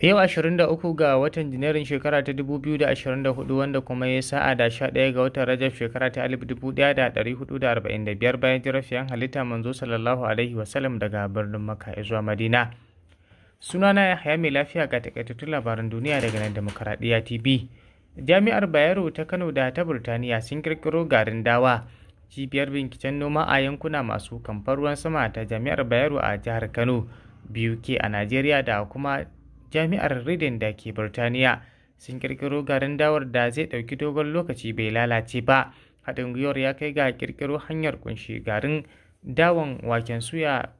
Yau 23 ga watan Janairun shekara ta 2024 wanda kuma ya sa'a da 11 ga watan Rajab shekara ta 1445 bayan jirafiyan halitta manzo sallallahu alaihi wasallam daga birnin Makka zuwa Madina. Sunana ya haya mai lafiya ga takaitattun labaran duniya daga nan Demokaradiyya TV. Jami'ar Bayero ta Kano da ta Burtaniya sun kirkiro garin dawa. Cibiyar binciken noma a yankuna masu kamfar ruwan sama ta Jami'ar Bayero a jihar Kano, BUK a Najeriya da kuma jami'ar Reading da ke Birtaniya sun kirkiro garin dawar da zai ɗauki dogon lokaci bai lalace ba. Haɗin gwiwar ya kai ga kirkiro hanyar kunshi garin dawan waken suya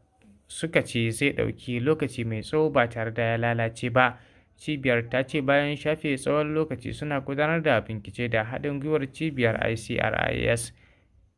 suka ce zai ɗauki lokaci mai tsawo ba tare da ya lalace ba. Cibiyar ta ce bayan shafe tsawon lokaci suna gudanar da bincike da haɗin gwiwar cibiyar ICRIS.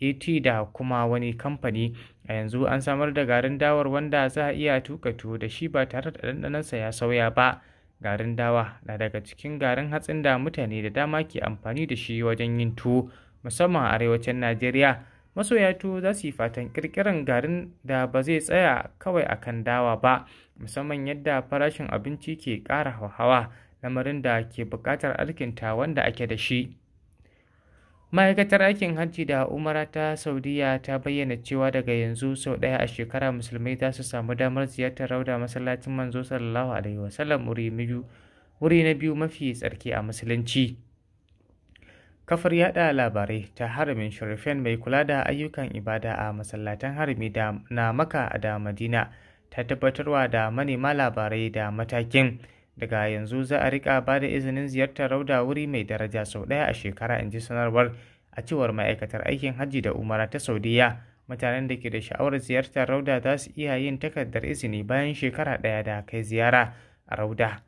AT e da kuma wani kamfani a yanzu an samar da garin dawar wanda za a iya tuƙa tuwo da shi ba tare da sa ya sauya ba. Garin dawa na daga cikin garin hatsin da mutane da dama ke amfani da shi wajen yin tuwo musamman a arewacin Najeriya. Masoya tuwo za su yi fatan ƙirƙirar garin da ba zai tsaya kawai akan dawa ba musamman yadda farashin abinci ke ƙara hauhawa lamarin da ke buƙatar alkinta wanda ake da shi. ma'aikatar aikin hajji da umara ta saudiya ta bayyana cewa daga yanzu sau ɗaya a shekara musulmai za su samu damar ziyartar rauda masallacin manzo sallallahu alaihi wasallam wuri na biyu mafi tsarki a musulunci kafar yada labarai ta haramin sharifen mai kula da ayyukan ibada a masallatan harami na maka da madina ta tabbatarwa da manema labarai da matakin daga yanzu za a rika ba da izinin ziyartar rauda wuri mai daraja sau ɗaya a shekara in ji sanarwar a cewar ma'aikatar aikin hajji da umara ta saudiya mutanen da ke da sha'awar ziyartar rauda za su iya yin takardar izini bayan shekara ɗaya da kai ziyara a rauda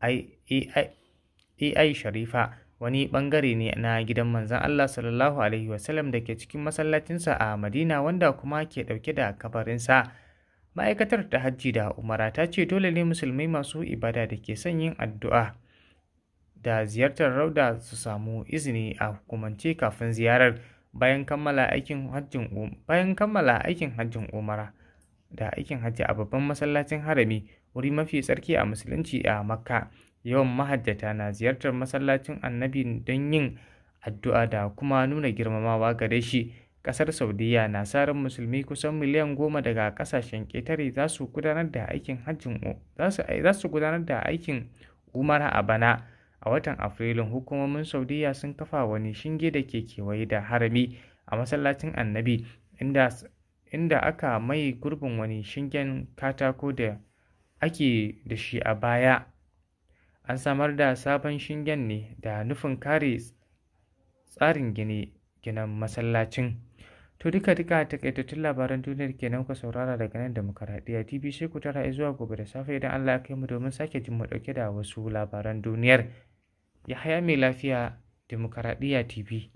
ai e, e, sharifa wani bangare ne na gidan manzan Allah sallallahu alaihi wasallam da ke cikin masallacinsa a Madina wanda kuma ke ɗauke da kabarinsa. ma'aikatar ta hajji da umara ta ce dole ne musulmai masu ibada da ke son yin addu'a da ziyartar rauda su samu izini a hukumance kafin ziyarar bayan kammala aikin hajjin um, bayan kammala aikin hajjin umara da aikin hajji a babban masallacin harami wuri mafi tsarki a musulunci a makka yawan mahajjata na ziyartar masallacin annabi don yin addu'a da kuma nuna girmamawa gare shi Ƙasar Saudiyya na sarin musulmi kusan miliyan goma daga ƙasashen ƙetare za su gudanar da aikin hajjin za su gudanar da aikin umara a bana. A watan Afrilun hukumomin Saudiyya sun kafa wani shinge da ke kewaye da harami a masallacin annabi inda inda aka mai gurbin wani shingen katako da ake da shi a baya an samar da sabon shingen ne da nufin kare tsarin gini ginin masallacin to duka duka a takaitattun labaran duniyar kenan ku saurara daga nan demokaradiyya tv sai ku tara zuwa gobe da safe idan allah ya kai mu domin sake jin mu dauke da wasu labaran duniyar yahaya mai lafiya demokaradiyya tv